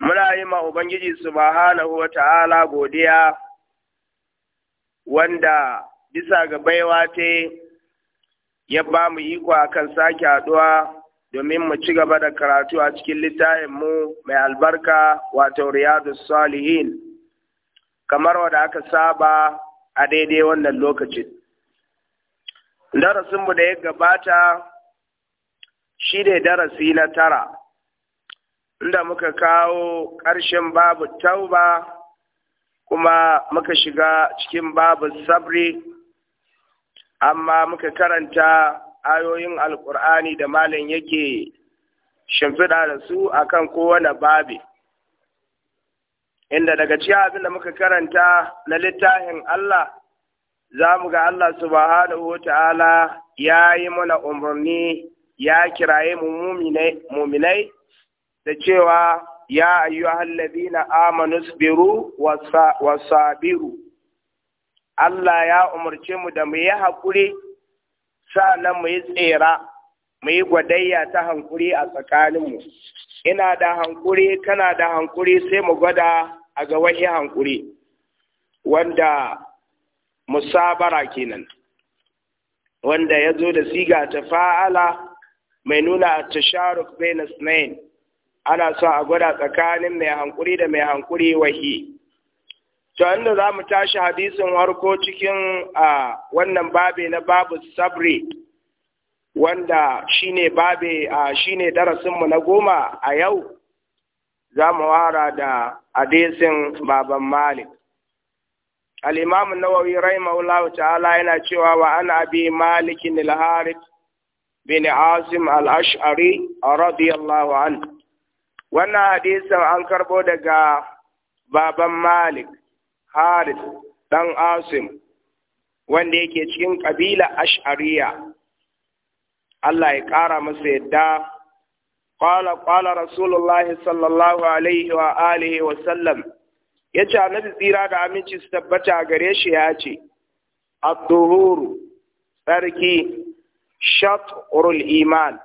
muna yi ma Ubangiji subhanahu wa ta'ala godiya wanda bisa ga baiwa te ya ba mu iko a kan sake haɗuwa domin mu ci gaba da karatu a cikin littafinmu mai albarka wato riyadu salihin kamar wadda aka saba a daidai wannan lokacin. Darasinmu da ya gabata shi ne darasi na tara. inda muka kawo ƙarshen babu tauba kuma muka shiga cikin babu sabri amma muka karanta ayoyin alkur'ani da malam yake shimfiɗa da su akan kowane babi inda daga cikin abin da muka karanta na littafin Allah za mu ga Allah subhanahu wa ta'ala ya yi mana umarni ya kiraye mu muminai da cewa ya ayyuhal na amanu sabiru wa sabiru Allah ya umarce mu da mu yi hakuri sa'annan mu yi tsera mu yi gwadayya ta hankuri a tsakaninmu ina da hankuri kana da hankuri sai mu gwada a ga wani hankuri wanda musabara kenan wanda ya zo da siga ta fa'ala mai nuna a tasharuk bainas 9. ana so a gwada tsakanin mai hankuri da mai hankuri wahi to inda za mu tashi hadisin warko cikin a wannan babe na babu sabri wanda shine babe a shine darasinmu na goma a yau za mu wara da hadisin baban malik الإمام النووي رحمه الله تعالى هنا شوى abi أبي مالك الحارث بن عاصم الأشعري رضي الله عنه wannan hadisin an karbo daga baban malik haris dan asim wanda yake cikin ƙabila ash'ariya Allah ya ƙara masa yadda qala qala rasulullahi sallallahu alaihi wa alihi wa sallam yace annabi tsira da aminci su tabbata gare shi ya ce ad-duhur tsarki shatrul iman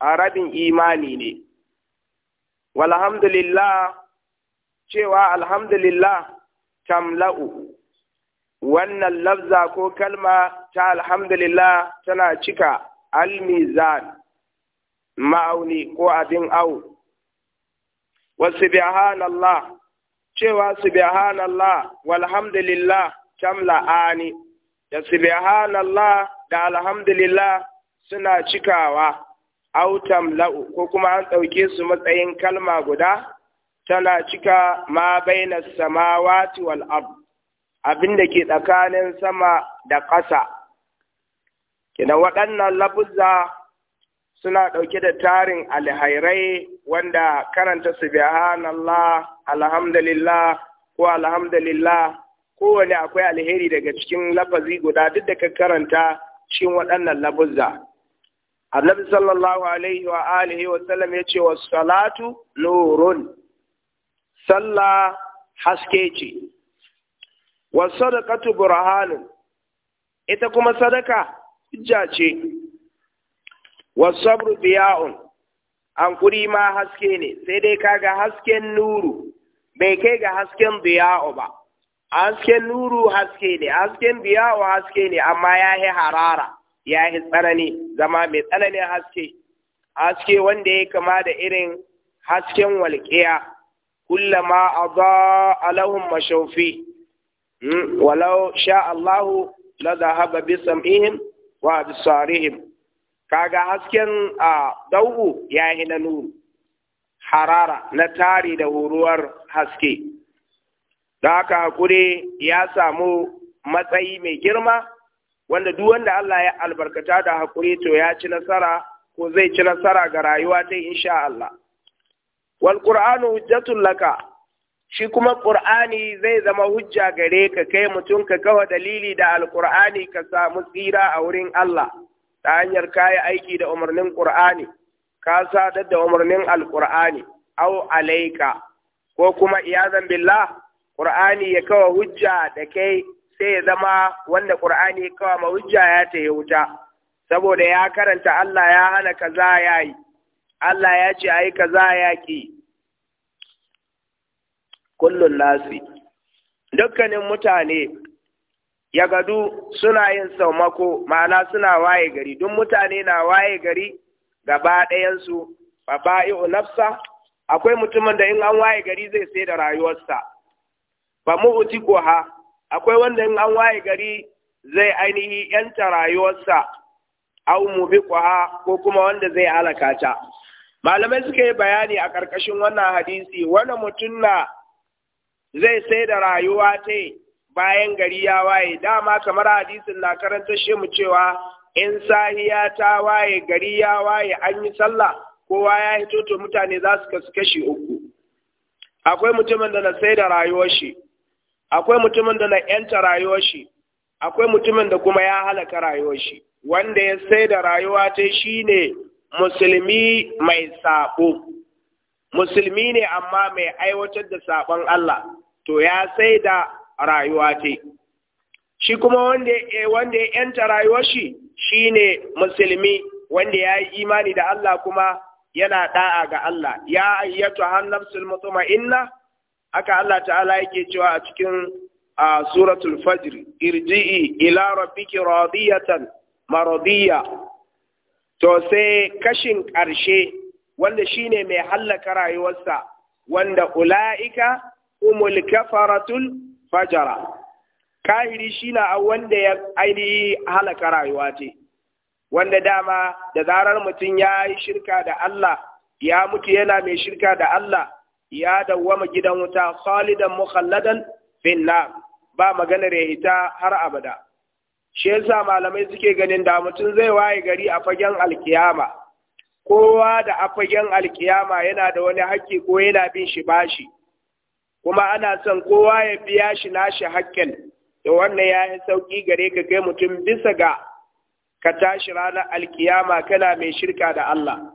arabin imani ne walhamdulillah cewa alhamdulillah tamla'u wannan labza ko kalma ta alhamdulillah tana cika almizan ma'auni ko abin au wa subhanallah cewa subhanallah walhamdulillah tamla'ani da subhanallah da alhamdulillah suna cikawa autam la'u ko kuma an ɗauke su matsayin kalma guda tana cika ma baina samawati wal ard abin da ke tsakanin sama da ƙasa kenan waɗannan labuza suna ɗauke da tarin alhairai wanda karanta su subhanallah alhamdulillah ko alhamdulillah kowane akwai alheri daga cikin lafazi guda duk da ka karanta cikin waɗannan labuza annabi sallallahu alaihi wa alihi wa sallam ya ce wa salatu nurun sallah haske ce wa sadaqatu burhanun ita kuma sadaka hujja ce wa sabru biya'un kuri ma haske ne sai dai kaga hasken nuru bai kai ga hasken biya'u ba hasken nuru haske ne hasken biya'u haske ne amma ya harara ya yi tsanani zama mai tsananin haske haske wanda ya kama da irin hasken walƙiya kullama a lahun mashaufi hmm, walau sha Allahu la dhahaba bi sam'ihim wa absarihim kaga hasken a dauhu ya yi na nuru harara na tari da wuruwar haske da haka hakuri ya samu matsayi mai girma wanda duk wanda Allah ya albarkata da hakuri to ya ci nasara ko zai ci nasara ga rayuwa ta insha Allah wal qur'anu hujjatun laka shi kuma qur'ani zai zama hujja gare ka kai mutum ka kawa dalili da Qur'ani ka samu tsira a wurin Allah ta hanyar kayi aiki da umarnin qur'ani ka sadar da umarnin Qur'ani au alaika ko kuma iyazan billah qur'ani ya kawa hujja da kai sai ya zama wanda Qur'ani kawa mawujja ya ta wuta saboda ya karanta Allah ya hana kaza ya yi Allah ya ce a ka kaza ya ki kullun nasi dukkanin mutane ya gadu suna yin saumako ma'ana suna waye gari duk mutane na waye gari gaba ɗayansu baba'i'u nafsa akwai mutumin da in an waye gari zai sai da rayuwarsa ba mu uti ko ha akwai wanda in an waye gari zai ainihi yanta rayuwarsa au mubiqaha ko kuma wanda zai halaka ta malamai suka yi bayani a ƙarƙashin wannan hadisi wani mutum na zai sai da rayuwa ta bayan gari ya waye dama kamar hadisin na karanta shi mu cewa in sahiya ta waye gari ya waye an yi sallah kowa ya hito to mutane za su kashi uku akwai mutumin da na sai da rayuwar shi akwai mutumin da na yanta rayuwar shi akwai mutumin da kuma ya halaka rayuwar shi wanda ya sai da rayuwa ta shine musulmi mai sabo musulmi ne amma mai aiwatar da saɓon Allah to ya sai da rayuwa ta shi kuma wanda ya eh, yanta rayuwar shi shine musulmi wanda ya yi imani da Allah kuma yana ɗa'a ga Allah ya ayyatu hannafsul mutma'inna haka Allah ta'ala yake cewa a cikin suratul fajr irji'i ila rabbiki radiyatan maradiya to sai kashin ƙarshe wanda shine mai hallaka rayuwarsa wanda ula'ika umul kafaratul fajara kahiri shine a wanda ya ainihi halaka rayuwa ce wanda dama da zarar mutum ya yi shirka da Allah ya mutu yana mai shirka da Allah ya dawwama gidan wuta khalidan mukhalladan finna ba maganar ya hita har abada shi yasa malamai suke ganin da mutum zai waye gari a fagen alkiyama kowa da a fagen alkiyama yana da wani haƙƙi ko yana bin shi bashi kuma ana son kowa ya biya shi nashi hakkin, da wannan ya yi sauƙi gare ka kai mutum bisa ga ka tashi ranar alkiyama kana mai shirka da Allah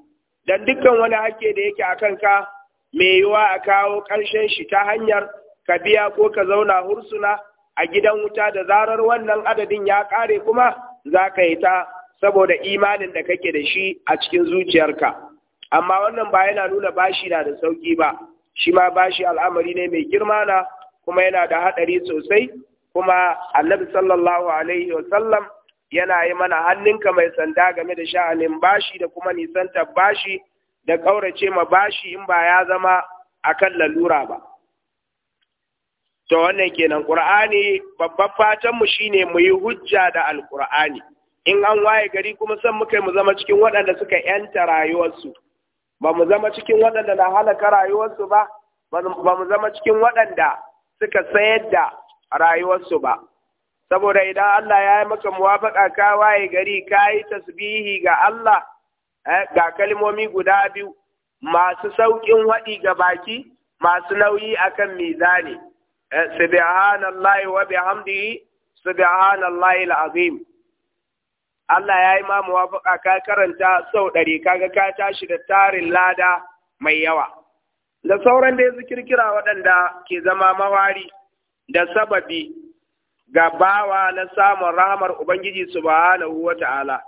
dan dukkan wani haƙƙi da yake a ka. mai yiwa a kawo ƙarshen shi ta hanyar ka biya ko ka zauna hursuna a gidan wuta da zarar wannan adadin ya ƙare kuma za ka yi ta saboda imanin da kake da shi a cikin zuciyarka amma wannan ba yana nuna bashi na da sauƙi ba shi ma bashi al'amari ne mai girma na kuma yana da haɗari sosai kuma annabi sallallahu alaihi wasallam yana yi mana hannunka mai sanda game da sha'anin bashi da kuma nisantar bashi da ƙaurace ma bashi in ba ya zama akan lalura ba to wannan kenan qur'ani babban fatan mu shine mu yi hujja da alqur'ani in an waye gari kuma san muka mu zama cikin waɗanda suka yanta rayuwarsu ba mu zama cikin waɗanda na halaka rayuwarsu ba ba mu zama cikin waɗanda suka sayar da rayuwarsu ba saboda idan Allah ya yi maka muwafaka ka waye gari ka yi tasbihi ga Allah Eh, ga kalmomi guda biyu masu sauƙin waɗi ga baki masu nauyi akan mizani eh, subhanallahi wa bihamdihi subhanallahi alazim Allah ya yi ma muwafaƙa ka karanta sau ɗari kaga ka tashi da tarin lada mai yawa da sauran dai kirkira waɗanda ke zama mawari da sababi ga bawa na samun rahamar Ubangiji subhanahu wa ta'ala,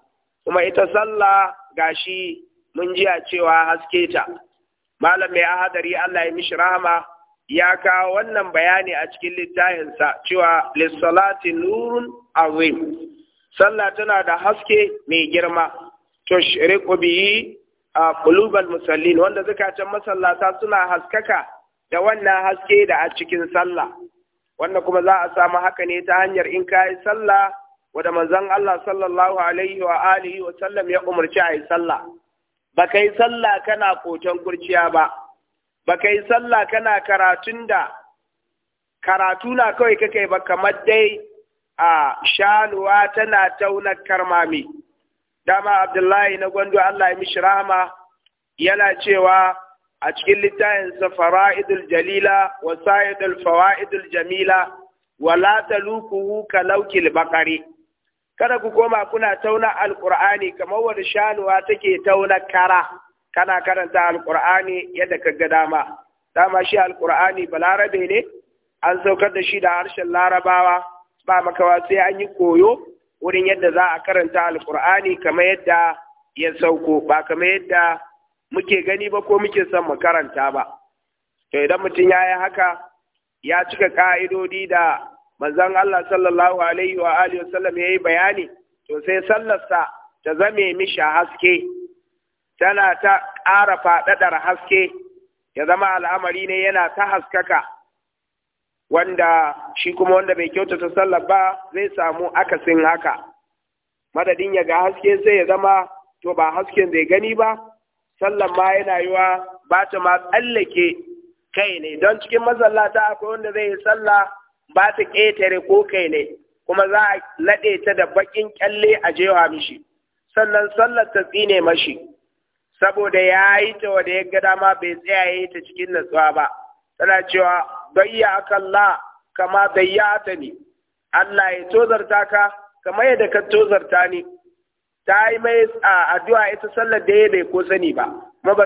kuma ita sallah gashi mun jiya cewa haske ta malam mai ahadari Allah ya mishi rahama ya kawo wannan bayani a cikin littafinsa cewa lissalati nurun azim sallah tana da haske mai girma shiriku bihi a kulubal musallin wanda zukatan masallata suna haskaka da wannan haske da a cikin sallah wannan kuma za a samu haka ne ta hanyar in kai sallah wanda manzon Allah sallallahu alaihi wa alihi wa sallam ya umarci a yi sallah ba kai sallah kana koton kurciya ba ba kai sallah kana karatun da karatu na kawai kake ba kamar dai a shanuwa tana tauna karmami dama abdullahi na gwando Allah ya mishi rahama yana cewa a cikin littafin fara'idul jalila wa sa'idul fawa'idul jamila wala la talukuhu ka baqari kada ku koma kuna tauna Alƙur'ani kamar wani shanuwa take tauna kara kana karanta Alƙur'ani yadda ka ga dama dama shi ba balarabe ne an saukar da shi da harshen larabawa ba makawa sai an yi koyo wurin yadda za a karanta Alƙur'ani kamar yadda ya sauko ba kamar yadda muke gani ba ko muke son mu karanta ba to idan mutum ya yi haka ya cika ka'idodi da manzon Allah sallallahu alaihi wa alihi sallam yayi bayani to sai sallarsa ta zame mishi haske tana ta ƙara faɗaɗar haske ya zama al'amari ne yana ta haskaka wanda shi kuma wanda bai kyautata sallar ba zai samu akasin haka madadin ya ga haske sai ya zama to ba hasken zai gani ba sallar ma yana yiwa ba ta ma tsallake kai ne don cikin masallata akwai wanda zai yi sallah ba su ƙetare ko kai ne kuma za a naɗe ta da baƙin ƙyalle a jewa mishi sannan sallar ta tsine mashi saboda ya yi ta wada ya ga dama bai tsaya ta cikin natsuwa ba tana cewa bayya akalla kama bayya ta ne Allah ya tozarta ka kamar yadda ka tozarta ni ta yi mai addu'a ita sallar da ya bai ko sani ba kuma ba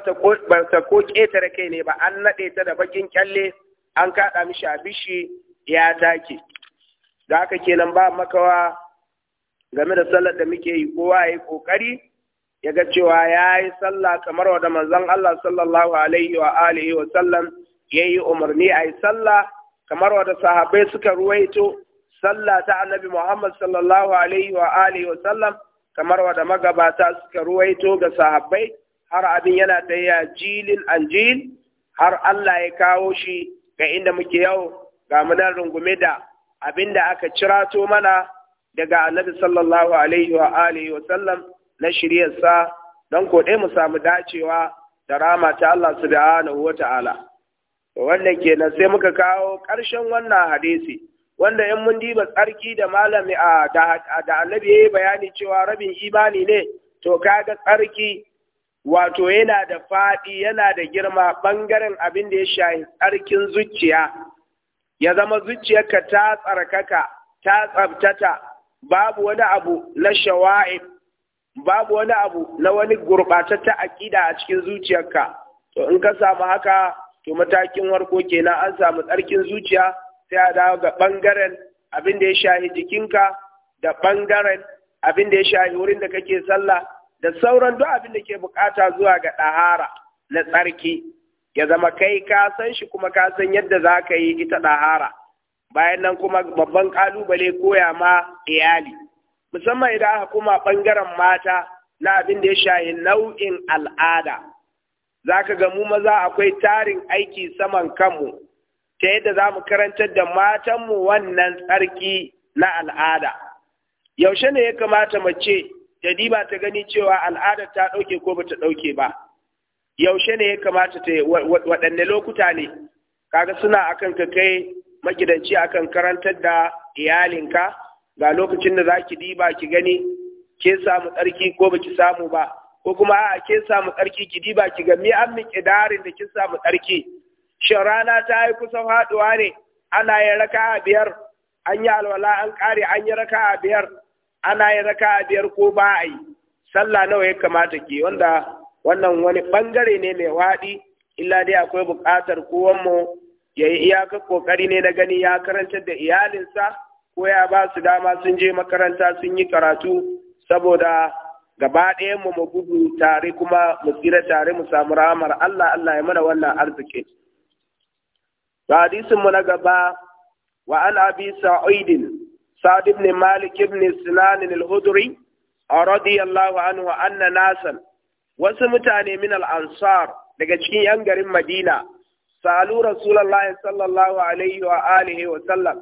ta ko ƙetare kai ne ba an naɗe ta da baƙin ƙyalle an kaɗa mishi a bishi ya take da haka kenan ba makawa game da sallar da muke yi kowa ya yi kokari ya ga cewa ya yi sallah kamar wadda manzon Allah sallallahu alaihi wa alihi wa sallam ya yi umarni a yi sallah kamar wadda sahabbai suka ruwaito sallah ta annabi Muhammad sallallahu alaihi wa alihi wa sallam kamar wadda magabata suka ruwaito ga sahabbai har abin yana ta yi jilin har Allah ya kawo shi ga inda muke yau ga munan rungume da abin da aka cirato mana daga annabi sallallahu alaihi wa alihi wa sallam na shiryarsa don ko mu samu dacewa da rama ta Allah subhanahu wa ta'ala wannan kenan sai muka kawo ƙarshen wannan hadisi wanda in mun diba tsarki da malami a da annabi yi bayani cewa rabin imani ne to kaga tsarki wato yana da faɗi yana da girma ɓangaren abin da ya shahi tsarkin zuciya ya zama zuciyarka ta tsarkaka ta tsabtata babu wani abu na shawa’in, babu wani abu na wani gurɓatatta aƙida a cikin zuciyarka to in ka samu haka to matakin warko kenan an samu tsarkin zuciya sai a dawo ga ɓangaren abin da ya shahi jikinka da ɓangaren abin da ya shahi wurin da kake sallah da sauran duk abin da ke bukata zuwa ga ɗahara na tsarki ya zama kai ka san shi kuma ka san yadda za ka yi ita ɗahara bayan nan kuma babban ƙalubale koya ma iyali musamman idan aka kuma ɓangaren mata na abin da ya shahi nau'in al'ada za ka ga mu maza akwai tarin aiki saman kanmu ta yadda za mu karantar da matanmu wannan tsarki na al'ada yaushe ne ya kamata mace ta diba ta gani cewa al'adar ta ɗauke ko bata ɗauke ba yaushe ne ya kamata ta waɗanne lokuta ne kaga suna akan ka kai magidanci akan karantar da iyalinka ga lokacin da za ki diba ki gani ke samu tsarki ko baki samu ba ko kuma a ke samu tsarki ki diba ki ga me an miƙe darin da kin samu tsarki shin rana ta yi kusan haɗuwa ne ana yin a biyar an yi alwala an ƙare an yi a biyar ana yin a biyar ko ba a yi sallah nawa ya kamata ke wanda wannan wani bangare ne mai waɗi illa dai akwai buƙatar kowanmu ya yi iyakar ƙoƙari ne na gani ya karantar da iyalinsa ko ya ba su dama sun je makaranta sun yi karatu saboda gaba mu mu gudu tare kuma mu tsira tare mu samu ramar? Allah Allah ya mana wannan arzikin. hadisin mu na gaba wa an abi sa'id sa'd ibn malik ibn sinan al-hudri radiyallahu anhu anna nasan wasu mutane min al'ansar daga cikin yan garin Madina salu Rasulallah sallallahu alaihi wa alihi wa sallam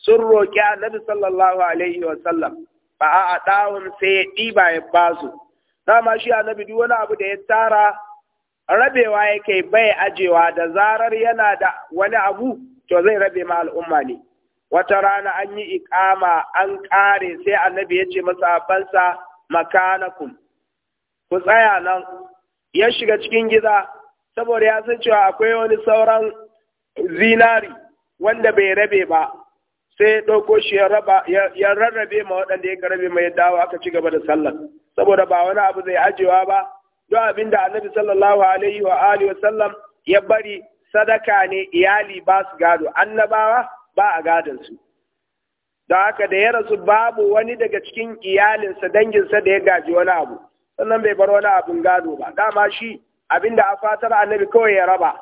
sun roƙi annabi sallallahu alaihi wa sallam ba a ɗawun sai ya ɗiba ya ba basu dama shi annabi duk wani abu da ya tara rabewa yake bai ajewa da zarar yana da wani abu to zai rabe ma al'umma ne wata rana an yi ikama an ƙare sai annabi ya ce masa abansa makanakum ku tsaya nan ya shiga cikin gida saboda ya san cewa akwai wani sauran zinari wanda bai rabe ba sai ya ɗauko shi ya rarrabe ma waɗanda ya rabe mai dawo aka ci gaba da sallar saboda ba wani abu zai ajewa ba don abin da annabi sallallahu alaihi wa alihi wa sallam ya bari sadaka ne iyali ba su gado annabawa ba a gadon su don haka da ya rasu babu wani daga cikin iyalinsa danginsa da ya gaji wani abu sannan bai bar wani abin gado ba dama shi abin da a fatar annabi kawai ya raba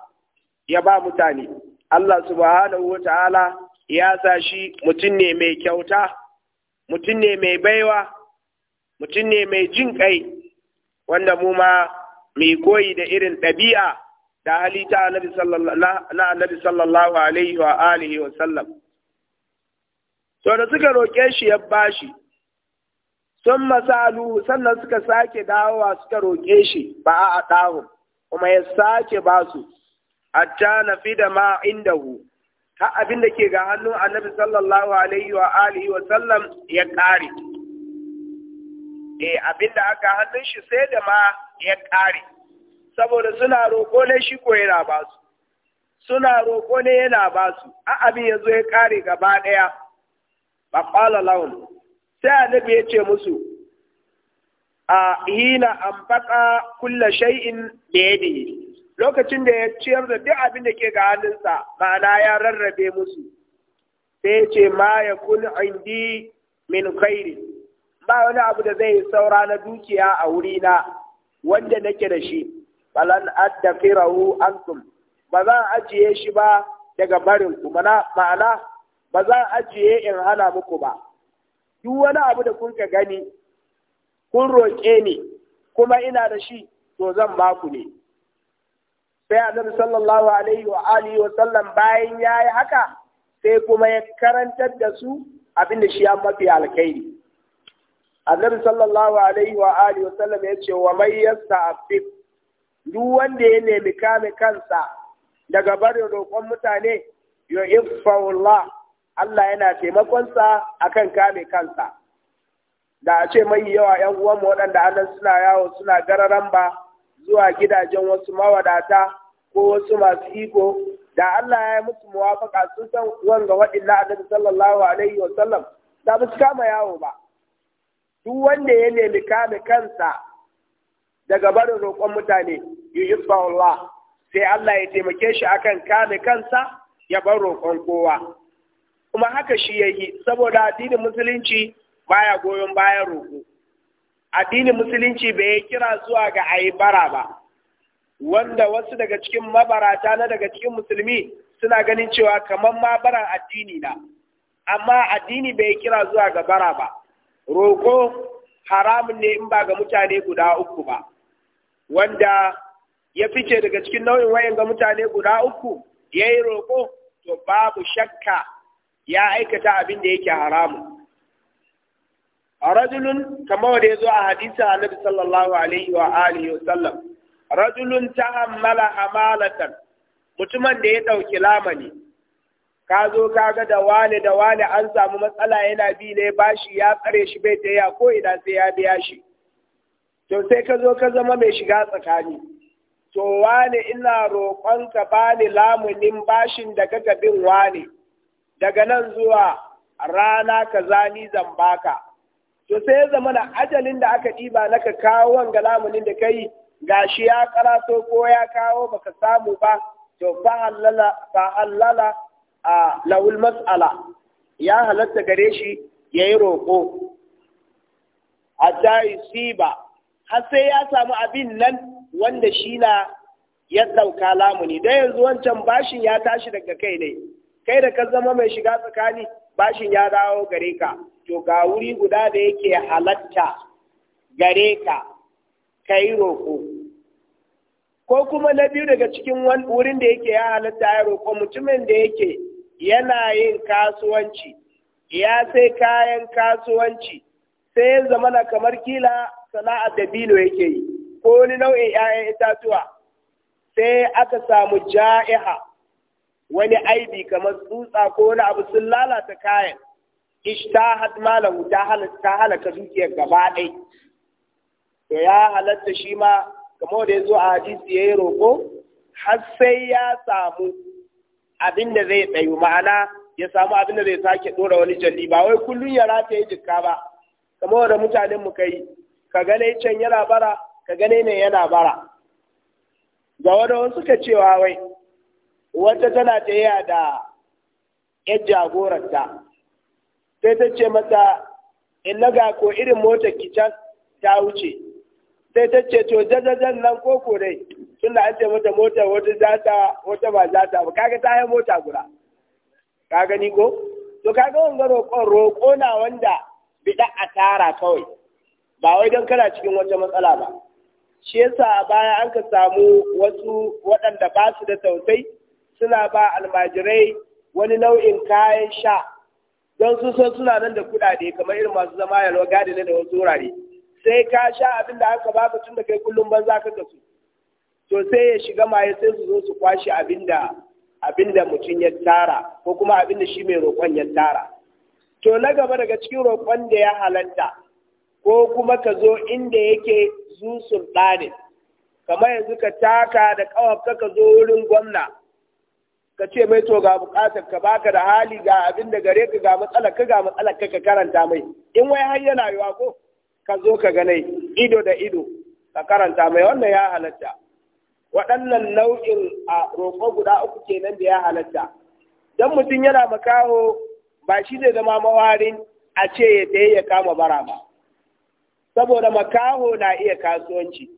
ya ba mutane Allah subhanahu wa ta'ala ya sa shi mutum ne mai kyauta mutum ne mai baiwa mutum ne mai jin kai wanda mu ma mai koyi da irin ɗabi'a da hali ta na annabi sallallahu alaihi wa alihi wa sallam to da suka roƙe shi ya bashi sun masalu sannan suka sake dawowa suka roƙe shi ba a ɗahu kuma ya sake ba su hatta na fi da ma inda hu ta abin da ke ga hannun annabi sallallahu alaihi wa alihi wa sallam ya ƙare eh abin da aka hannun shi sai da ma ya ƙare saboda suna roƙo ne shi ko yana ba su suna roƙo ne yana ba su a abin ya zo ya ƙare gaba ɗaya ba ƙwala launin sai annabi ya ce musu a hina an faɗa kulla shay'in da yadihi lokacin da ya ciyar da duk abin da ke ga hannunsa ma'ana ya rarrabe musu sai ce ma ya kuni indi min kairi. ba wani abu da zai saura na dukiya a wurina wanda nake da shi falan addafirahu antum ba zan ajiye shi ba daga barin ku ma'ana ba zan ajiye in hana muku ba duk wani abu da kun ka gani kun roƙe ni kuma ina da shi to zan ba ku ne sai annabi sallallahu alaihi wa alihi wa sallam bayan yayi haka sai kuma ya karantar da su abin da shi ya mafi alkhairi annabi sallallahu alaihi wa alihi wa sallam ya ce wa may yasta'fif duk wanda ya nemi kame kansa daga barin roƙon mutane yu'iffa Allah Allah yana taimakonsa akan kame kansa da a ce mai yawa ‘yan uwanmu waɗanda anan suna yawo suna gararan ba zuwa gidajen wasu mawadata ko wasu masu iko da Allah ya yi musu muwafaka sun san uwan ga waɗanda la’adar sallallahu alaihi wa sallam da kama yawo ba duk wanda ya nemi kame kansa daga barin roƙon mutane yi sai Allah ya taimake shi akan kame kansa ya bar roƙon kowa kuma haka shi yayi saboda addinin musulunci baya goyon bayan roƙo addinin musulunci bai yi kira zuwa ga aibara ba wanda wasu daga cikin mabarata na daga cikin musulmi suna ganin cewa kamar ma baran addini na amma addini bai kira zuwa ga bara ba roƙo haramun ne in ba ga mutane guda uku ba wanda ya fice daga cikin nau'in wayan ga mutane guda uku ya yi roƙo to babu shakka ya aikata abin da yake haramu rajulun kamar wanda yazo a hadisi annabi sallallahu alaihi wa alihi wa sallam rajulun mutumin da ya dauki lamani ka zo ka ga da wani da wani an samu matsala yana bi ne bashi ya tsare shi bai taya ko idan sai ya biya shi to sai ka zo ka zama mai shiga tsakani to wane ina roƙonka bani lamunin bashin da kaka bin wane daga nan zuwa rana ka zani zan baka to sai ya zama ajalin da aka ɗiba na ka kawo wanga lamunin da kai shi ya karato ko ya kawo baka samu ba to fa'allala a lawul mas'ala ya halatta gare shi ya yi roƙo hatta ba, har sai ya samu abin nan wanda shi na ya ɗauka lamuni don yanzu wancan bashin ya tashi daga kai ne kai da ka zama mai shiga tsakani bashin ya dawo gare ka to ga wuri guda da yake halatta gare ka kai roƙo ko kuma na biyu daga cikin wurin da yake ya halatta ya roƙo mutumin da yake yana yin kasuwanci ya sai kayan kasuwanci sai ya zamana kamar kila sana'ar da bilo yake yi ko wani nau'in 'ya'yan itatuwa sai aka samu ja'iha wani aibi kamar tsutsa ko wani abu sun lalata kayan ishtahat malahu ta halaka halaka dukiyar gaba ɗai to ya halatta shi ma kamar da ya zo a hadisi ya yi roƙo har sai ya samu abin da zai tsayu ma'ana ya samu abin da zai sake ɗora wani jalli ba wai kullum ya rataye jikka ba kamar da mutanen mu kai ka gane can yana bara ka gane ne yana bara ga wanda suka cewa wai wata tana tafiya da ‘yan jagoranta, sai ta ce mata, in ga ko irin motar kicin ta wuce, sai ta ce, to jajajen nan ko dai, suna an ce mata mota wata za wata ba za ta ba, kaga ta yi mota guda, ka gani ko? To kaga wanga roƙon roƙo na wanda bida a tara kawai, ba wai don kana cikin wata matsala ba. Shi yasa baya an ka samu wasu waɗanda ba su da tausayi suna ba almajirai wani nau'in kayan sha don sun san suna nan da kuɗaɗe kamar irin masu zama yalwa gadi ne da wasu wurare sai ka sha abin da aka baka tun da kai kullum banza ka su to sai ya shiga maye sai su zo su kwashe abin da abin da mutum ya tara ko kuma abin da shi mai roƙon ya tara to na gaba daga cikin roƙon da ya halatta ko kuma ka zo inda yake zu sultanin kamar yanzu ka taka da ƙawafka ka zo wurin gwamna ka ce mai to ga bukatar ka baka da hali ga abin da gare ka ga matsalar ka ga matsalar ka ka karanta mai in wai har yana yiwa ko ka zo ka ganai ido da ido ka karanta mai wannan ya halatta waɗannan nau'in a roƙo guda uku kenan da ya halatta dan mutum yana makaho ba shi zai zama mawarin a ce ya yi ya kama bara ba saboda makaho na iya kasuwanci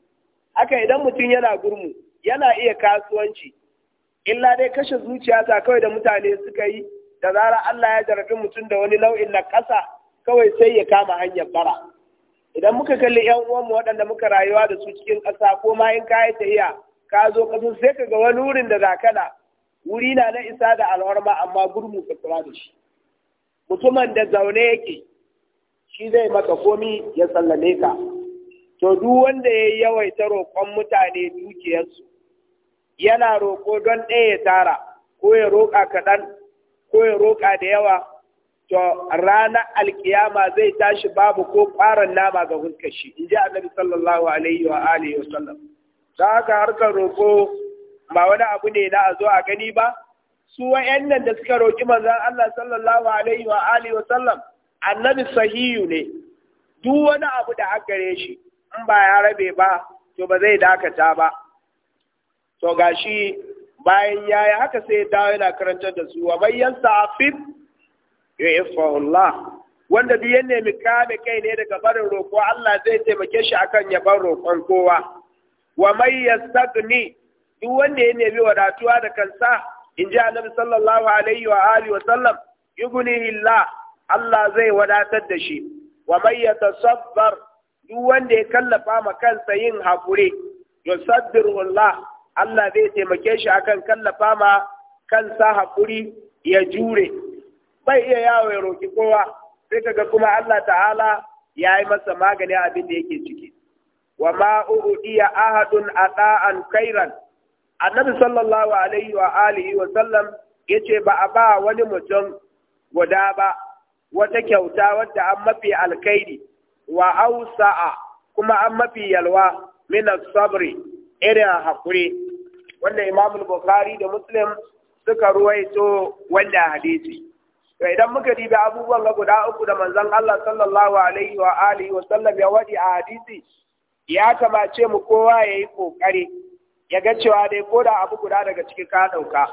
haka idan mutum yana gurmu yana iya kasuwanci illa dai kashe zuciya ta kawai da mutane suka yi da zarar Allah ya jarabi mutum da wani nau'in na ƙasa kawai sai ya kama hanyar bara idan muka kalli yan uwanmu waɗanda muka rayuwa da su cikin ƙasa ko ma in kayi tahiya ka zo ƙasar sai ka ga wani wurin da za zakana wuri na na isa da alwarma amma gurmu ka kula da shi mutumin da zaune yake shi zai maka komi ya sallame ka to duk wanda ya yawaita roƙon mutane dukiyarsu yana roƙo don ɗaya tara ko ya roƙa kaɗan ko ya roƙa da yawa to ranar alkiyama zai tashi babu ko ƙwaron nama ga huskar in ji annabi sallallahu alaihi wa alihi wa sallam don haka harkar roƙo ba wani abu ne na a zo a gani ba su wa'annan da suka roƙi manzon Allah sallallahu alaihi wa alihi wa sallam annabi sahiyu ne duk wani abu da aka gare shi in ba ya rabe ba to ba zai dakata ba to gashi bayan yayi haka sai ya dawo yana karantar da su wa ya ifa yu'iffahullah wanda duk ya nemi kame kai ne daga barin roko Allah zai taimake shi akan ya bar roƙon kowa wa mai yastagni duk wanda ya nemi wadatuwa da kansa in ji annabi sallallahu alaihi wa alihi wa sallam yughnihi Allah Allah zai wadatar da shi wa mai yatasabbar duk wanda ya kallafa ma kansa yin hakuri yusaddiru Allah Allah zai taimake shi akan kallafa ma kansa haƙuri ya jure bai iya yawo ya roƙi kowa sai kaga kuma Allah ta'ala ya yi masa magani abin da yake ciki wa ma u'udiya ahadun ata'an kairan annabi sallallahu alaihi wa alihi wa sallam yace ba a ba wani mutum guda ba wata kyauta wadda an mafi alkairi wa ausa'a kuma an mafi yalwa min sabri irin hakuri wanda Imam Bukhari da Muslim suka ruwaito wanda hadisi to idan muka dibi abubuwan ga guda uku da manzon Allah sallallahu alaihi wa alihi wa sallam ya wadi a hadisi ya kamace mu kowa yayi kokari ya ga cewa dai ko da abu guda daga cikin ka dauka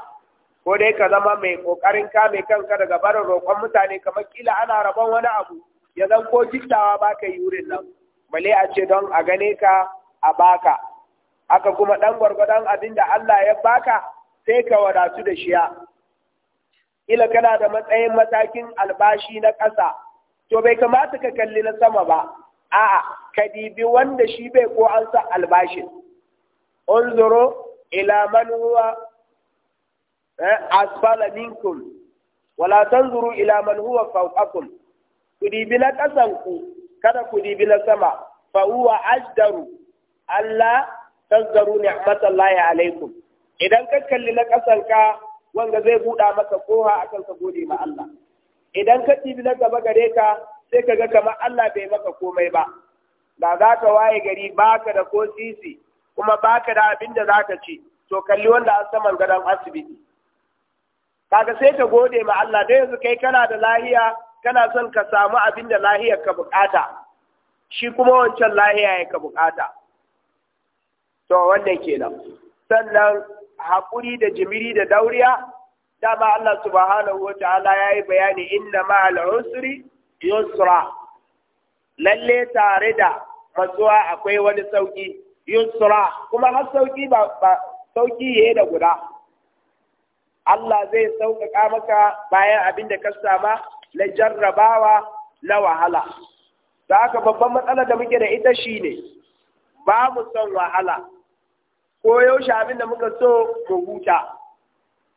ko dai ka zama mai kokarin ka mai kanka daga barin roƙon mutane kamar kila ana rabon wani abu ya zan ko jiktawa baka yi wurin nan bale a ce don a gane ka a baka aka kuma ɗan gwargwadon abin da Allah ya baka sai ka wadatu da shiya. Ila kana da matsayin matakin albashi na ƙasa, to bai kamata ka kalli na sama ba, a'a, ka dibi wanda shi bai ko an sa albashin. Unzuru ila man huwa eh, asfala minkum wala tanzuru ila man huwa fawqakum ku dibi na ƙasanku, kada ku dibi na sama fa huwa ajdaru Allah tazzaru masallai alaikum idan ka kalli na kasar ka wanda zai buɗa maka koha akan ka gode ma Allah idan ka tibi na gaba gare ka sai ka ga kamar Allah bai maka komai ba da za ka waye gari baka da ko sisi kuma baka da abin da za ka ci to kalli wanda an saman gadon asibiti kaga sai ka gode ma Allah dai yanzu kai kana da lahiya kana son ka samu abin da lahiyar ka bukata shi kuma wancan lahiya ya ka bukata to wannan kenan sannan haƙuri da jimiri da dauriya dama Allah subhanahu wa ta'ala ya yi bayani inna ma'al usri yusra lalle tare da matsuwa akwai wani sauki yusra kuma har sauki ba, sauki yayi da guda Allah zai sauƙaƙa maka bayan abin da ka sama na jarrabawa na wahala. Da haka babban matsalar da muke da ita shine ba mu son wahala. ko yaushe abin da muka so mu huta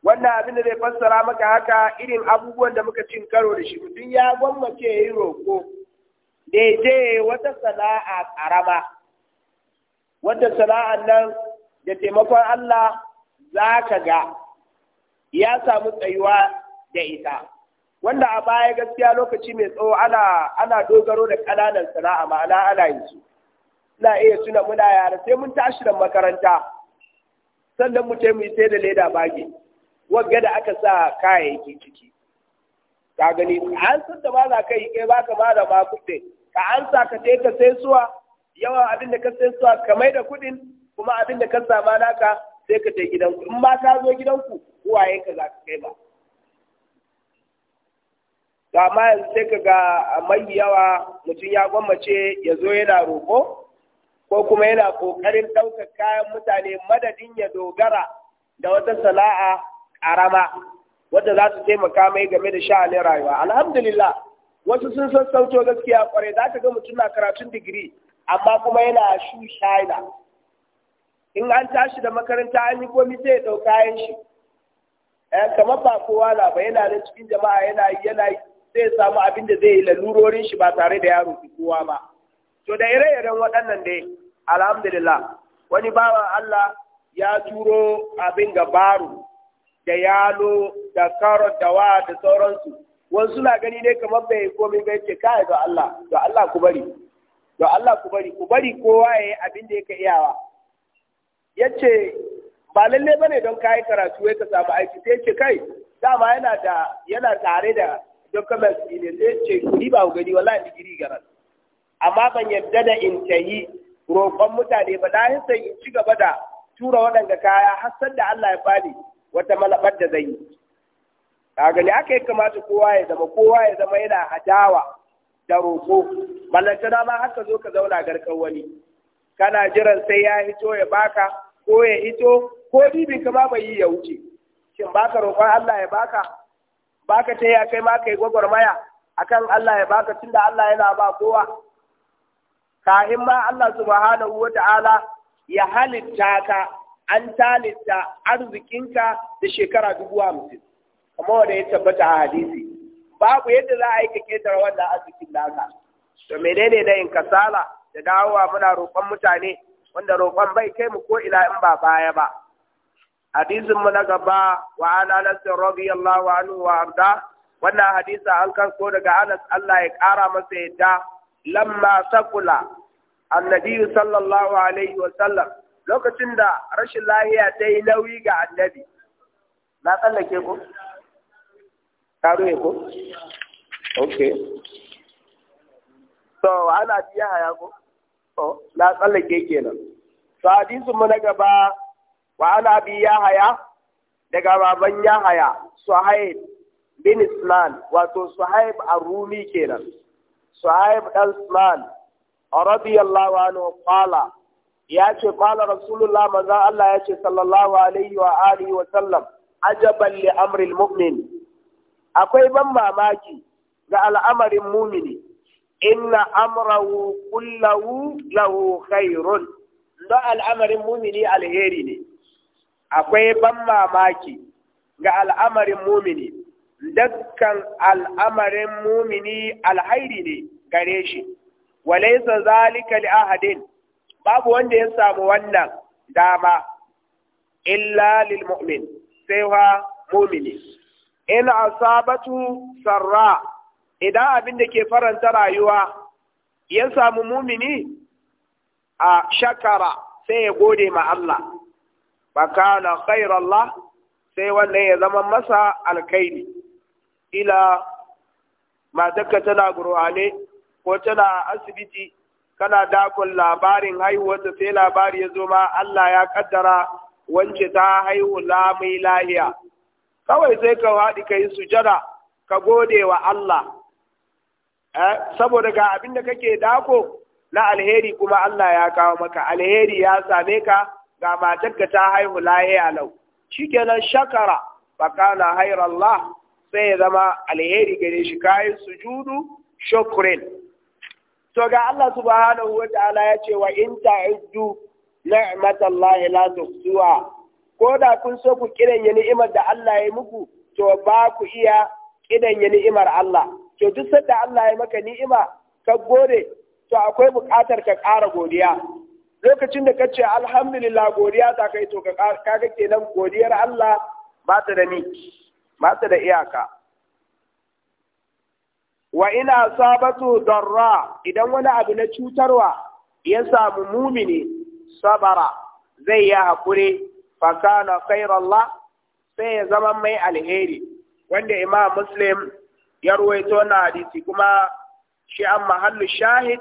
wannan abin da zai fassara maka haka irin abubuwan da muka cin karo da shi mutum ya gwammace ya yi roƙo da ya wata sana'a ƙarama wata sana'an nan da taimakon Allah za ka ga ya samu tsayuwa da ita wanda a baya gaskiya lokaci mai tsawo ana ana dogaro da ƙananan sana'a ma'ana ana yin su ina iya suna muna yara sai mun tashi da makaranta sannan mu ce mu yi sai da leda bage wagga da aka sa kayayyaki ciki ka gani an san da ba za ka yi kai ba ka ba da ba kuɗi ka an sa ka sai ka sai suwa yawan abin da ka sai suwa ka mai da kuɗin kuma abin da ka sama naka sai ka je gidanku in ma ka zo gidanku uwaye ka za ka kai ba to amma yanzu sai ka ga mai yawa mutum ya gwammace ya zo yana roƙo ko kuma yana kokarin ɗaukar kayan mutane madadin ya dogara da wata sana'a ƙarama wadda za su taimaka mai game da sha'anin rayuwa alhamdulillah wasu sun sassauto gaskiya kwarai za ka ga mutum na karatun digiri amma kuma yana shu shaida in an tashi da makaranta an yi komi sai ya ɗauka kayan shi eh, kamar ba kowa na ba yana da cikin jama'a yana yana zai samu abin da zai yi lalurorin shi ba tare da yaro kowa ba to da ire-iren waɗannan dai alhamdulillah wani bawa Allah ya turo abin gabaru da yalo da karot da wa da sauransu wasu na gani ne kamar bai komai bai ce kai ga Allah ga Allah ku bari ga Allah ku bari ku bari kowa yayi abin da yake iyawa yace ba lalle bane don kai karatu ya ka samu aiki sai ce kai dama yana da yana tare da documents ne sai ce ku ba ku gani wallahi digiri garan amma ban yadda da in tayi roƙon mutane ba da yin sai in ci gaba da tura waɗanda kaya har san da Allah ya bani wata malabar da zai yi Ka ne aka yi kamata kowa ya zama kowa ya zama yana hadawa da roƙo na ma haka zo ka zauna garkan wani kana jiran sai ya hito ya baka ko ya hito ko bibin ka bai yi ya wuce shin baka roƙon Allah ya baka baka ta ya kai ma kai gwagwarmaya akan Allah ya baka tunda Allah yana ba kowa in ma Allah subhanahu wa ta'ala ya halitta ka an talitta arzikinka da shekara dubu hamsin kamar wanda ya tabbata a hadisi babu yadda za a yi ka ketar wannan arzikin naka to menene da in kasala da dawowa muna roƙon mutane wanda roƙon bai kai mu ko ila in ba baya ba hadisin mu na gaba wa an nasir radiyallahu anhu wa arda wannan hadisa an kanko daga Anas Allah ya kara masa yadda lamma sakula annabi sallallahu alaihi wa wasallam lokacin da rashin lahiya ta yi nauyi ga annabi na tsallake ko karo ne ko okay so ana biya haya ko so na tsallake kenan so hadisin mu na gaba wa ana biya haya daga baban ya haya suhaib bin islan wato suhaib arumi kenan صاحب أسمان رضي الله عنه قال يا قال رسول الله ماذا الله يا صلى الله عليه وآله وسلم عجبا لأمر المؤمن أقوي بما ماجي قال الأمر المؤمن إن أمره كله له خير لا الأمر المؤمن الهيرين أقوي بما ماجي قال الأمر المؤمن Dakkan al'amarin mumini alhairi ne gare shi walaysa zalika li ahadin babu wanda ya samu wannan dama illa lil mu'min sai wa mumini in Sabatu sarra idan abin da ke faranta rayuwa ya samu mumini a shakara sai ya gode ma Allah Ba bakana khairallah sai wannan ya zama masa alkaini ila matarka tana gurwane ko tana asibiti kana dakon labarin haihuwarta sai labari ya zo ma Allah ya kaddara wance ta haihu la mai lahiya kawai sai ka haɗi ka yi sujada ka gode wa Allah eh, saboda ga abin da kake dako na alheri kuma Allah ya kawo maka alheri ya same ka ga matarka ta haihu lahiya lau shikenan shakara fakana hayar Allah sai ya zama alheri gare shi kayan sujudu shukrin to ga Allah subhanahu wa ta'ala ya ce wa in ta'uddu ni'matallahi la tuhsuha ko da kun so ku ya ni'imar da Allah ya muku to ba ku iya ya ni'imar Allah to duk sanda Allah ya maka ni'ima ka gode to akwai bukatar ka ƙara godiya lokacin da ka ce alhamdulillah godiya ta kai to ka kaga kenan godiyar Allah ba ta da ni ba da iyaka wa ina sabatu darra idan wani abu na cutarwa ya samu mumini sabara zai yi haƙuri fakana khairallah sai ya zama mai alheri wanda imam muslim ya ruwaito na hadisi kuma shi an mahallu shahid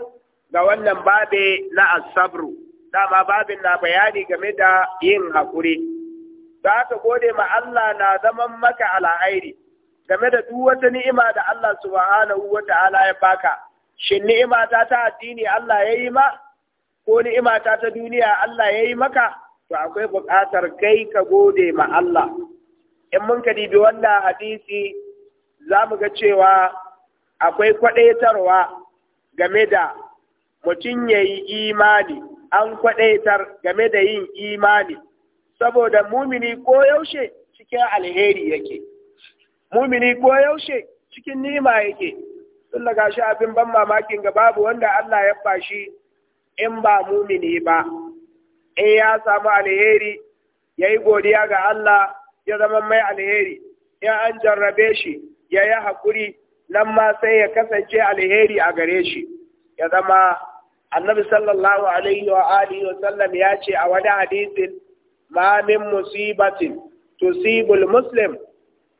ga wannan babe na asabru dama babin na bayani game da yin haƙuri da ka gode ma Allah na zaman maka alhairi game da duk wata ni'ima da Allah subhanahu wa ta'ala ya baka shin ni'ima ta ta addini Allah yayi ma ko ni'ima ta ta duniya Allah yayi maka to akwai buƙatar kai ka gode ma Allah in mun ka dibi wannan hadisi za mu ga cewa akwai kwaɗaitarwa game da mutum ya yi imani an kwaɗaitar game da yin imani saboda mumini ko yaushe cikin alheri yake mumini ko yaushe cikin nima yake tun daga shi abin ban mamakin ga babu wanda Allah ya bashi in ba mumini ba in ya samu alheri ya yi godiya ga Allah ya zama mai alheri ya an jarrabe shi ya yi haƙuri nan ma sai ya kasance alheri a gare shi ya zama annabi sallallahu alaihi wa alihi wa sallam ya ce a wani hadisin Mamin min to sibul muslim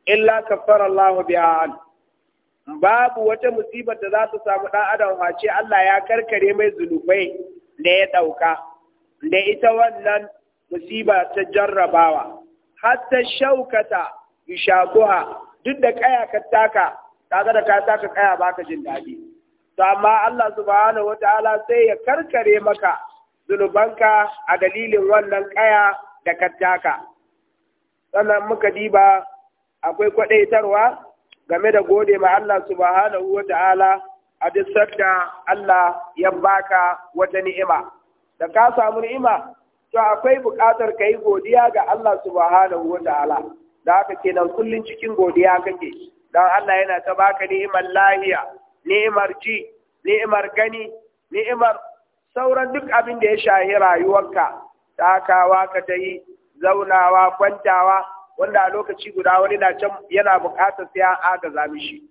illa kaffara Allah biha an babu wata musibar da za ta samu dan adam face Allah ya karkare mai zunubai da ya dauka da ita wannan musiba ta jarrabawa hatta shaukata yushaquha duk da kaya ka taka kaga da ka taka kaya baka jin daɗi to amma Allah subhanahu wataala sai ya karkare maka zunubanka a dalilin wannan kaya da sannan muka diba akwai kwadaitarwa game da gode ma Allah subhanahu wa ta'ala a duk Allah ya baka wata ni'ima da ka samu ni'ima to akwai buƙatar ka godiya ga Allah subhanahu wa ta'ala da haka kenan kullun cikin godiya kake dan Allah yana ta baka ni'imar lahiya ni'imar ci ni'imar gani ni'imar sauran duk abin da ya shahi rayuwarka takawa ka ta yi zaunawa kwantawa wanda a lokaci guda wani na can yana buƙatar sai an agaza mishi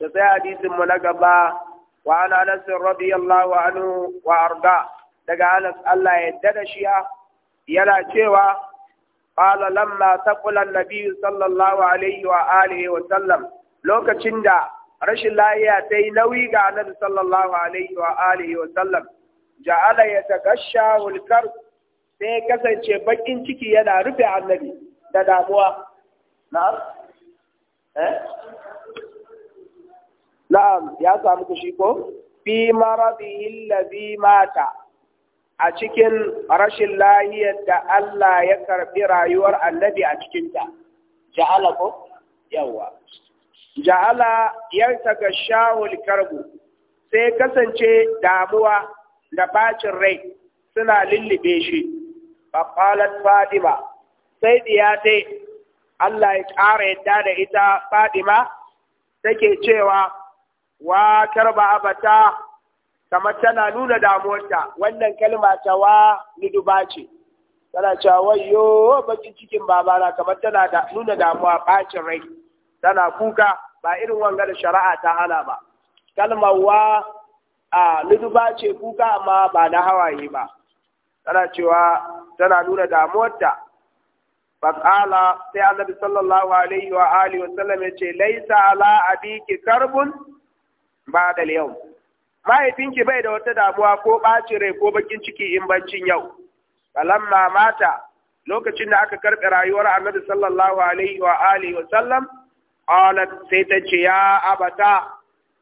da sai hadisin mu na gaba wa ana anas radiyallahu anhu wa arda daga anas Allah ya yarda da shi yana cewa qala lamma taqala an-nabiy sallallahu alaihi wa alihi wa sallam lokacin da rashin lafiya ta nauyi ga annabi sallallahu alaihi wa alihi wa sallam ja'ala ya tagasha wulkar sai kasance bakin ciki yana rufe annabi da damuwa na'am eh na'am ya samu kushi ko fi maradihi allazi mata a cikin rashin lahiyar da Allah ya karbi rayuwar annabi a ta ja'ala ko yawa ja'ala yantaka shawul karbu sai kasance damuwa da bacin rai suna lullube shi faƙalat fadima sai diya ta Allah ya ƙara yadda da ita fadima take cewa wa karba abata kamar tana nuna damuwarta wannan kalma ta wa duba ce tana cewa wayo bakin cikin babana kamar tana da nuna damuwa bacin rai tana kuka ba irin wanga da shari'a ta hana ba kalmar wa a luduba ce kuka amma ba na hawaye ba tana cewa tana nuna damuwarta faƙala sai annabi sallallahu alaihi wa alihi wasallam ya ce laisa ala abiki karbun ba da yau mahaifinki bai da wata damuwa ko ɓacin rai ko bakin ciki in bancin yau Kalamma mata lokacin da aka karɓi rayuwar annabi sallallahu alaihi wa alihi wa sallam sai ta ce ya abata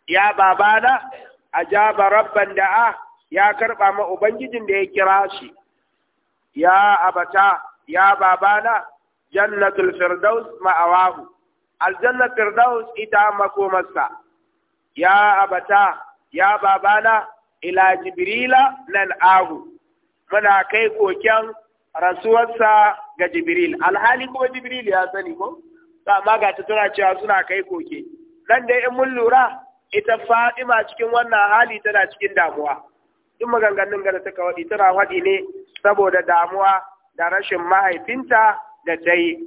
ya babana ajaba rabban da'a ya karba ma ubangijin da ya kira shi ya abata ya babana jannatul firdaus ma'awahu aljannatul firdaus ita makomarsa ya abata ya babana ila jibrila nan ahu muna kai koken rasuwarsa ga jibril alhali kuma jibril ya sani ko amma ga ta tana cewa suna kai koke nan dai in mun lura ita Fatima cikin wannan hali tana cikin damuwa duk maganganun da ta kawai tana faɗi ne saboda damuwa da rashin mahaifinta da ta yi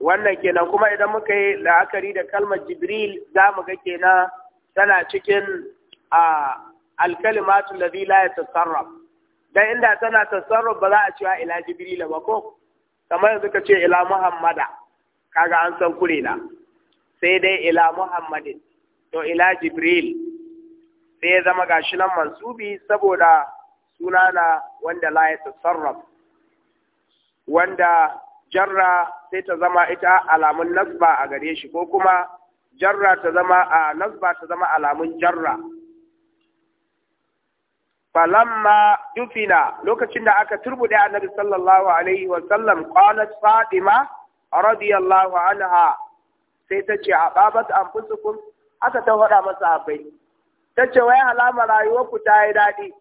wannan kenan kuma idan muka yi la'akari da kalmar jibril za mu ga kenan tana cikin a alkalimatu ladhi la yatasarraf dan inda tana tasarraf ba za a cewa ila jibril ba ko kamar yanzu ka ce ila muhammada kaga an san na. sai dai ila Muhammadin to ila Jibril sai ya zama gashi nan mansubi saboda sunana na wanda la ya tasarraf wanda jarra sai ta zama ita alamun nasba a gare shi ko kuma jarra ta zama a nasba ta zama alamun jarra falamma dufina lokacin da aka turbude annabi sallallahu alaihi wa sallam qalat fatima radiyallahu anha sai ta ce a babat an fusukun aka ta faɗa masa abai ta ce wai alama rayuwar ku ta yi daɗi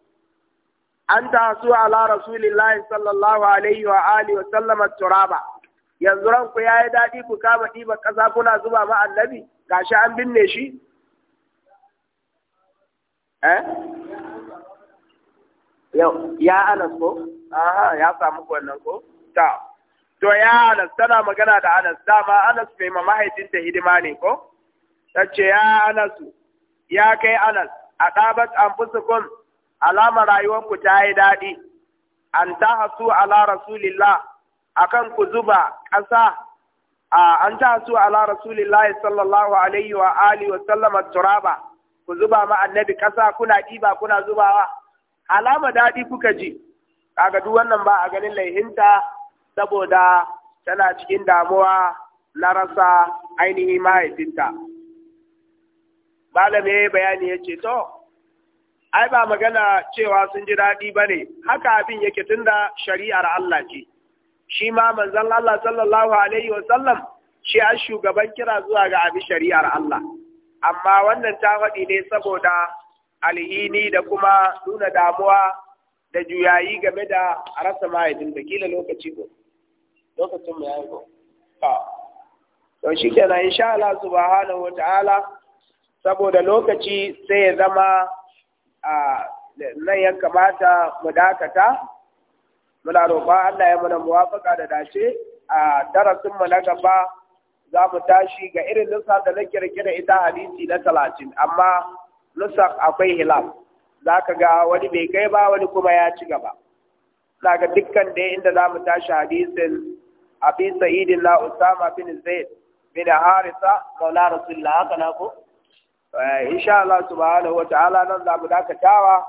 an ta su ala rasulillahi sallallahu alaihi wa alihi wa sallama turaba yanzu ranku ya yi daɗi ku kama ɗiba ƙasa kuna zuba ma annabi gashi an binne shi eh ya anas ko ya samu wannan ko ta to ya Anas tana magana da Anas dama Anas mai ma mahaifinta hidima ne ko Tace ya Anas ya kai Anas a ɗabat an kun? alama rayuwarku ta yi daɗi an ta hasu ala rasulillah akan ku zuba ƙasa an ta hasu ala rasulillah sallallahu alaihi wa alihi wa sallama turaba ku zuba ma annabi ƙasa kuna ɗiba kuna zubawa alama daɗi kuka ji kaga duk wannan ba a ganin laihinta saboda tana cikin damuwa na rasa ainihin mahaifinta malam ya bayani ya ce to ai ba magana cewa sun ji daɗi ba ne haka abin yake tunda shari'ar Allah ce shi ma manzon Allah sallallahu alaihi wasallam shi an shugaban kira zuwa ga abin shari'ar Allah amma wannan ta faɗi ne saboda alhini da kuma nuna damuwa da juyayi game da rasa mahaifinta kila lokaci ko lokacin mu yayi ko to shi na insha Allah subhanahu wataala saboda lokaci sai ya zama a nan ya kamata mu dakata muna roƙa Allah ya muna muwafaka da dace a darasin mu na gaba za mu tashi ga irin nusa da na kirkira ita hadisi na talatin amma nusa akwai hilal za ka ga wani bai kai ba wani kuma ya ci gaba. Za ga dukkan da inda za mu tashi hadisin abi sa'idin la usama bin zaid bin harisa maula rasulullah haka na ko insha Allah dakatawa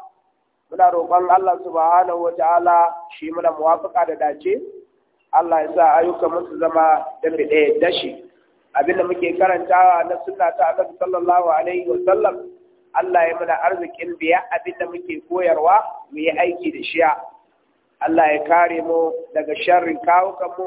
muna roƙon Allah subhanahu wa ta'ala shi muna muwafaka da dace Allah ya sa ayyukan mu su zama dambe ɗaya dashi abinda muke karantawa na sunna ta Annabi sallallahu alaihi wa sallam Allah ya muna arzikin biya abinda muke koyarwa mu yi aiki da shi Allah ya kare mu daga sharrin kawukan mu